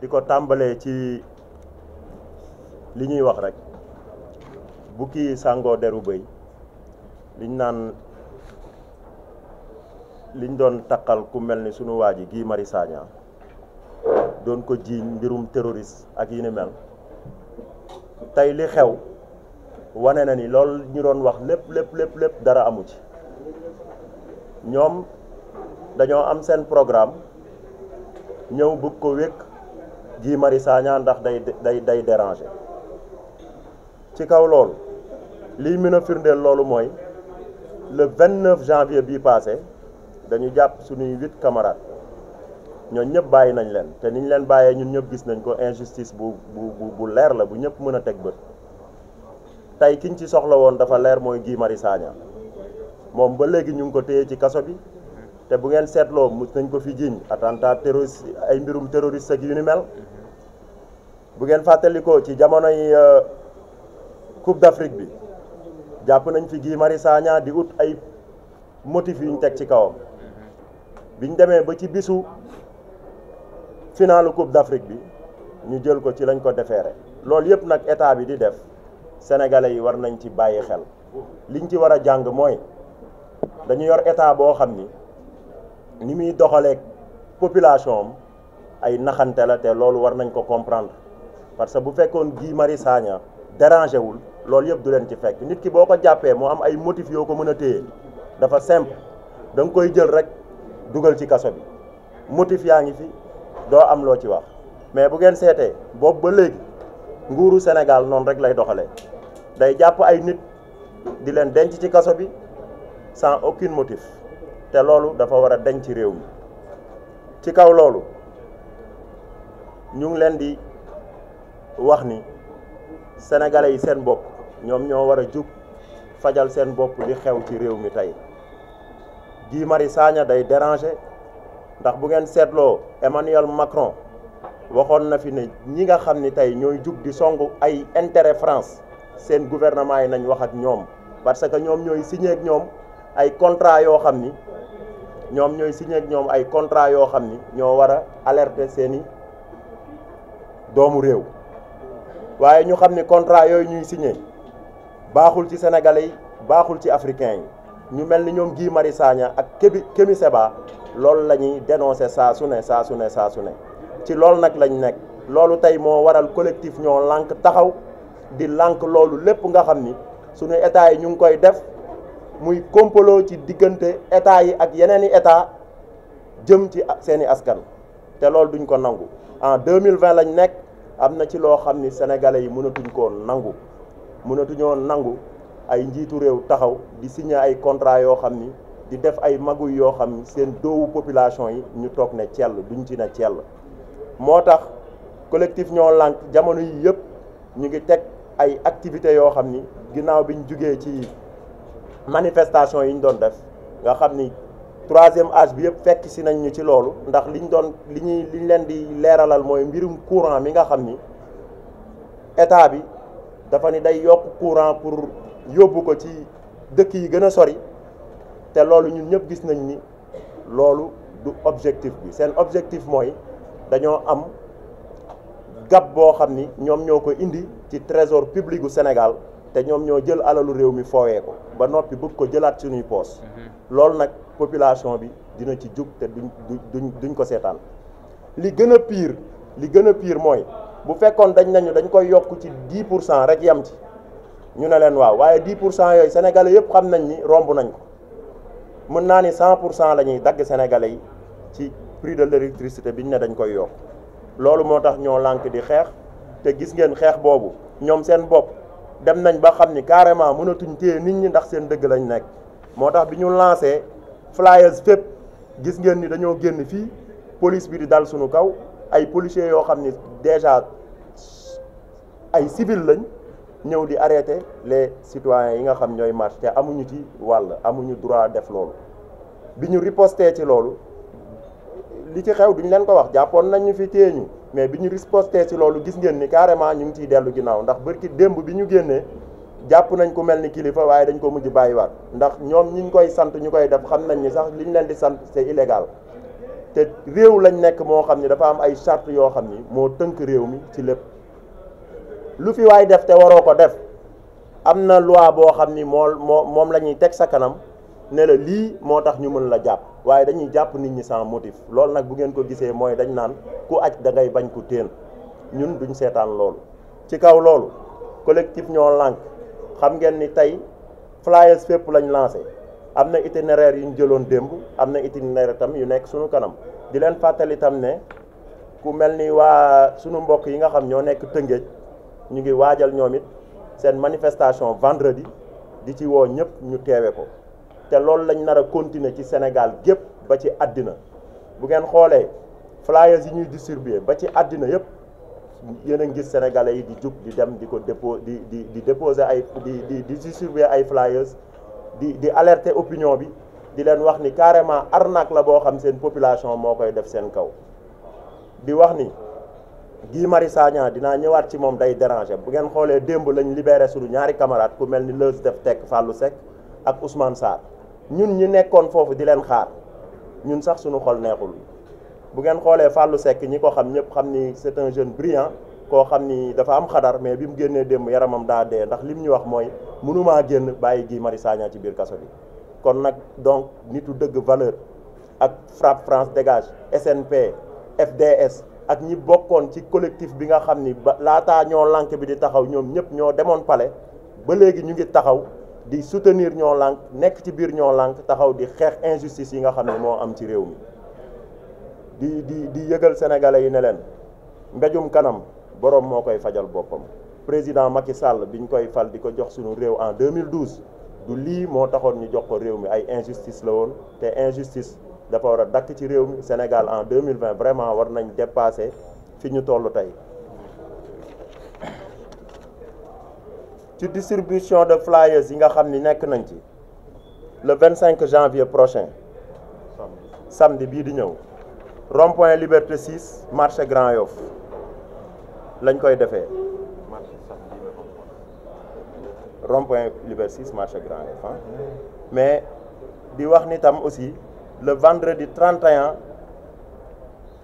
di ko tàmbalee ci li ñuy wax rek bukki sàngoo deru bëy liñ naan liñ doon taqal ku mel ni sunu waa ji Guy Marius Sagna doon ko jiiñ mbirum terroriste ak yi ni mel tey li xew wane na ni lool ñu doon wax lépp lépp lépp lépp dara amu ci ñoom dañoo am seen programme ñëw bëgg ko wékk Guy Marius ndax day day day déranger ci kaw loolu lii mën a firndeel loolu mooy le 29 janvier bii passé dañu jàpp suñuy huit camarades ñooñu ñëpp bàyyi nañ leen te niñ leen bàyyee ñun ñëpp gis nañ ko injustice bu bu bu leer la bu ñëpp mën a teg bët tey kiñ ci soxla woon dafa leer mooy Guy Marius moom ba léegi ñu ngi ko téye ci kaso bi te bu ngeen seetloo mus nañ ko fi jiiñ attentat terroriste ay mbirum terroriste ak yu ni mel bu ngeen fàttalikoo ci jamonoy euh, Coupe d'Afrique bi jàpp nañ fi Guy Marius Sagna di ut ay motifs yu ñu teg ci kawam biñ demee ba ci bisu finalu Coupe d'Afrique bi ñu jël ko ci lañ ko defeere loolu yëpp nag état bi di def sénégalais yi war nañ ci bàyyi xel liñ ci war a jàng mooy dañu yor état boo xam ni ni muy doxaleek population am ay naxante la te loolu war nañ ko comprendre parce que bu fekkoon Guy Marius Sagna dérangé wul loolu yëpp du leen ci fekk nit ki boo ko jàppee moo am ay motifs yoo ko mën a téye dafa simple da nga koy jël rek dugal ci kaso bi motif yaa ngi fi doo am loo ci wax mais bu ngeen seetee boobu ba léegi nguuru Sénégal noonu rek lay doxalee day jàpp ay nit di leen denc ci kaso bi sans aucun motif te loolu dafa war a denc réew mi ci kaw loolu ñu ngi leen di. wax ni sénégalais yi seen bopp ñoom ñoo war a jug fajal seen bopp li xew ci réew mi tey Guy Marius Sagna day dérangé ndax bu ngeen seetloo Emmanuel Macron waxoon na fi ne ñi nga xam ni tey ñooy jug di song ay intérêt France seen gouvernement yi nañ wax ak ñoom parce que ñoom ñooy signé ak ñoom ay contrat yoo xam ni ñoom ñooy signé ak ñoom ay contrat yoo xam ni ñoo war a alerter seeni doomu réew waaye ñu xam ni contrat yooyu ñuy signé baaxul ci sénégalais yi baaxul ci africains yi ñu mel ni ñoom Guy Marius Sagna ak Kémi Kémi Séba loolu la ñuy dénoncé saa su ne saa su ne saa su ne ci loolu nag lañ nekk loolu tey moo waral collectif ñoo lànk taxaw di lànk loolu lépp nga xam ni suñu état yi ñu ngi koy def muy complot ci diggante état yi ak yeneen i état jëm ci seeni askan te loolu duñ ko nangu en 2020 lañ nekk am na ci loo xam ni sénégalais yi mënatuñ koo nangu mënatuñoo nangu ay njiitu réew taxaw di signé ay contrat yoo xam ni di def ay maguy yoo xam ni seen doowu population yi ñu toog ne cell duñ ci ne cell moo tax collectif ñoo lànk jamono yi yëpp ñu ngi teg ay activités yoo xam ni ginnaaw bi ñu jógee ci manifestation yi ñu doon def nga xam ni troisième âge bi yëpp fekk si nañ ñu ci loolu ndax liñ doon li ñuy liñ leen di leeralal mooy mbirum courant mi nga xam ni état bi dafa ni day yokk courant pour yóbbu ko ci dëkk yi gën a sori te loolu ñun ñëpp gis nañ ni loolu du objectif bi seen objectif mooy dañoo am gab boo xam ni ñoom ñoo ko indi ci trésor pibliku Sénégal te ñoom ñoo jël alalu réew mi foowee ko ba noppi bugg ko jëlaat suñuy poos mhm. loolu nag population bi dina ci jug te du duñ duñ ko seetaan li gën a piir li gën a piir mooy bu fekkoon dañ nañu dañ koy yokk ci 10 pour cent rek yam ci ñu ne leen waaw waaye 10 pour cent yooyu sénégalais yëpp xam nañ ni romb nañ ko mën naa ni 100 pour cent la ñuy dagg sénégalais yi ci prix de l'électricité bi ñu ne dañ koy yokk loolu moo tax ñoo lànk di xeex te gis ngeen xeex boobu ñoom seen bopp dem nañ ba xam ni carrément mënatuñ téye nit ñi ndax seen dëgg lañ nekk moo tax bi ñu lancé flyers fépp gis ngeen ni dañoo génn fii police bi di dal suñu kaw ay policiers yoo xam ni déjà ay civil lañ ñëw di arrêter les citoyens yi nga xam ñooy marche te amuñu ci wàll amuñu droit def loolu bi ñu riposté ci loolu li ci xew duñ leen ko wax jàppoon nañ ñu fi téye ñu mais bi ñu riposté ci loolu gis ngeen ni carrément ñu ngi ciy dellu ginnaaw ndax bëri bërki démb bi ñu génnee jàpp nañ ku mel ni kilifa waaye dañ ko mujj bàyyiwaat ndax ñoom ñiñ koy sant ñu koy def xam nañ ni sax liñ leen di sant c'est illégal te réew lañ nekk moo xam ni dafa am ay charte yoo xam ni moo tënk réew mi ci lépp lu fi waay def te waroo ko def am na loi boo xam ni moo moom la ñuy teg sa kanam ne la lii moo tax ñu mën la jàpp waaye dañuy jàpp nit ñi sans motif loolu nag bu ngeen ko gisee mooy dañ naan ku aj dangay bañ ku téen ñun duñ seetaan loolu ci kaw loolu collectif ñoo lànk xam ngeen ni tey flyers fépp lañ lancé am na itinéraire yu ñu jëloon démb am na itinéraire tam yu nekk sunu kanam di leen fàttali tam ne ku mel ni waa sunu mbokk yi nga xam ñoo nekk Tëngéej ñu ngi waajal ñoom it seen manifestation vendredi di ci woo ñëpp ñu teewe ko te loolu lañ nar a continuer ci Sénégal gépp ba ci àddina bu ngeen xoolee flyers yi ñuy distribuer ba ci àddina yëpp yéen a ngi gis sénégalais yi di jub di dem di ko dépo di di di déposer ay di di di distribuer ay flyers di di alerter opinion bi di leen wax ni carrément arnaque la boo xam seen population moo koy def seen kaw di wax ni Guy Marius Sagna dinaa ñëwaat ci moom day déranger bu ngeen xoolee démb lañ libéré suñu ñaari camarade ku mel ni Leuz Def Tekk Fallou Seck ak Ousmane Sarr ñun ñi nekkoon foofu di leen xaar ñun sax sunu xol neexul bu ngeen xoolee Fallou sekk ñi ko xam ñëpp xam ni c'est un jeune brillant koo xam ni dafa am xadar mais bi mu génnee démb yaramam daa dee ndax lim ñu wax mooy mënumaa génn bàyyi gii Marius Sagna ci biir kaso bi kon nag donc nitu dëgg valeur ak FRAPP France dégage SNP FDS ak ñi bokkoon ci collectif bi nga xam ni ba laataa ñoo lànk bi di taxaw ñoom ñëpp ñoo demoon pale ba léegi ñu ngi taxaw di soutenir ñoo lànk nekk ci biir ñoo lànk taxaw di xeex injustice yi nga xam ne moo am ci réew mi di di di yëgal sénégalais yi ne leen mbéjum kanam borom moo koy fajal boppam président Macky Sall biñ koy fal di ko jox suñu réew en 2012 du lii moo taxoon ñu jox ko réew mi ay injustice la woon te injustice dafa war a dakk ci réew mi Sénégal en 2020 vraiment war nañ dépasé fi ñu toll tey ci distribution de flyers yi nga xam ni nekk nañ ci le 25 janvier prochain samedi bii di ñëw rond point liberté 6 marché Grand Yoff lañ koy defee rond point liberté 6 marché Grand Yoff ah mais di wax ni tam aussi le vendredi 31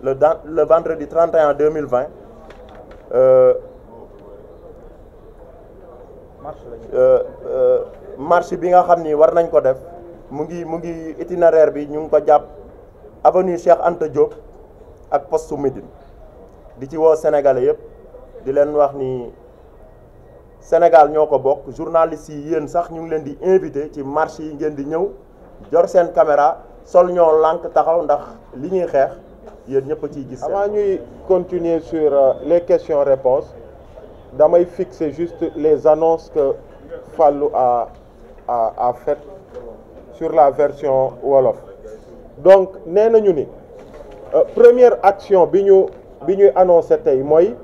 le dans le vendredi 31 2020 euh, euh, euh, marche bi nga xam ni war nañ ko def mu ngi mu ngi itinéraire bi ñu ngi ko jàpp. avenue Cheikh Anta ak poste Médine di ci woo sénégalais yëpp di leen wax ni Sénégal ñoo ko bokk journalistes yi yéen sax ñu ngi leen di invité ci marché yi ngeen di ñëw jor seen caméra sol ñoo lànk taxaw ndax li ñuy xeex yéen ñëpp ci ciy gis. avant ñuy continuer sur euh, les questions réponses damay fixe juste les annonces que Fallou a a a sur la version wolof. donc nee nañu ni euh, première action bi ñu bi ñuy annoncé tey mooy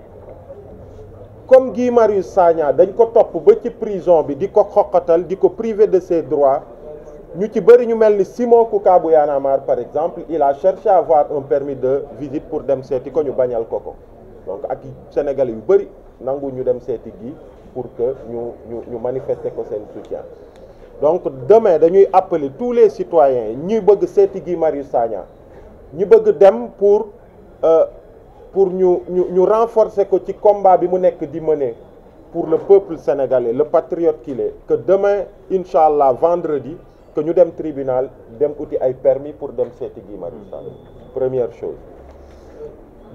comme Guy Marius Sagna dañ ko topp ba ci prison bi di ko xoqatal di ko privé de ses droits ñu ci bëri ñu mel ni Simon Kouka bu Y'en a par exemple il a cherché à avoir un permis de visite pour dem seeti ko ñu bañal ko ko donc ak Sénégalais yu bëri nangu ñu dem seeti gi pour que ñu ñu ñu manifester ko seen soutien donc demain dañuy appeler tous les citoyens ñi bëgg seeti Guy Marius Sagna ñu bëgg dem pour euh, pour ñu ñu ñu renforcer ko ci combat bi mu nekk di mener pour le peuple sénégalais le patriote kile est que demain incha allah vendredi que ñu dem tribunal dem uti ay permis pour dem seeti Guy Marius Sagna première chose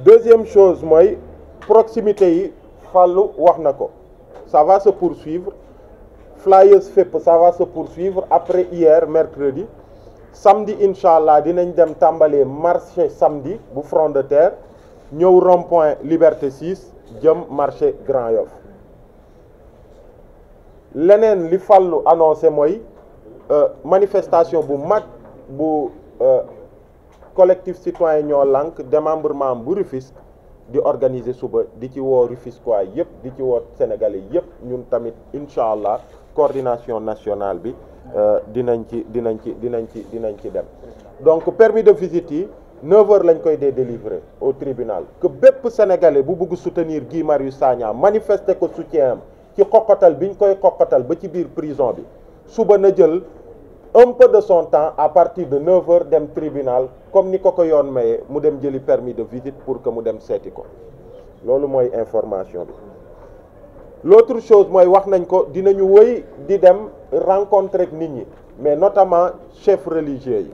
deuxième chose mooy proximité yi fàllu wax na ko ça va se poursuivre flyers fépp ça va se poursuivre après hier mercredi samedi incha allah dinañ dem tàmbalee marché samedi bu front de terre ñëw rond point liberté 6 jëm marché Grand Yoff leneen li fàllu annoncé mooy euh, manifestation bu mag bu euh, collectif citoyen ñoo lànk démembrement bu Rufisque di organiser suba di ci woo Rufisquois yëpp di ci woo sénégalais yëpp ñun tamit incha allah coordination nationale bi euh, dinañ ci dinañ ci dinañ ci dinañ ci dem donc permis de visite yi 9 heures lañ koy dee délivrer au tribunal que bépp sénégalais bu bëgg soutenir Guy Marius Sagna manifester ko soutien am ci bi ñu koy xoqatal ba ci biir prison bi suba na jël un peu de son temps à partir de 9 heures dem tribunal comme ni ko ko yoon maye mu dem jëli permis de visite pour que mu dem seeti ko loolu mooy information bi l'autre chose mooy wax nañ ko dinañu woy di dem rencontre ak nit ñi mais notamment chef religieux yi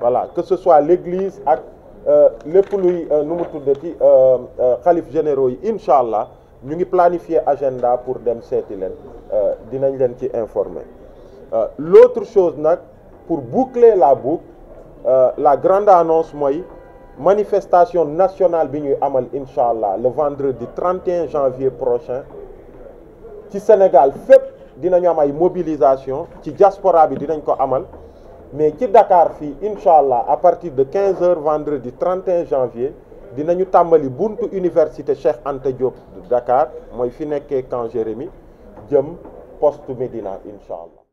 voilà que ce soit l'église ak euh, lépp luy euh, nu mu tuddati euh, xalif généraux yi incha allah ñu ngi planifier agenda pour dem seeti leen dinañ leen ci informer l'autre chose nag pour boucler la boucle la grande annonce mooy manifestation nationale bi ñuy amal incha allah le vendredi 31 janvier prochain ci Sénégal fépp dinañu am ay mobilisation ci diaspora bi dinañ ko amal mais ci Dakar fii incha allah à partir de 15 heures vendredi 31 janvier dinañu tàmbali buntu université Cheikh Anta Diop de Dakar mooy fi nekkee camp Jérémy jëm post Médina incha allah.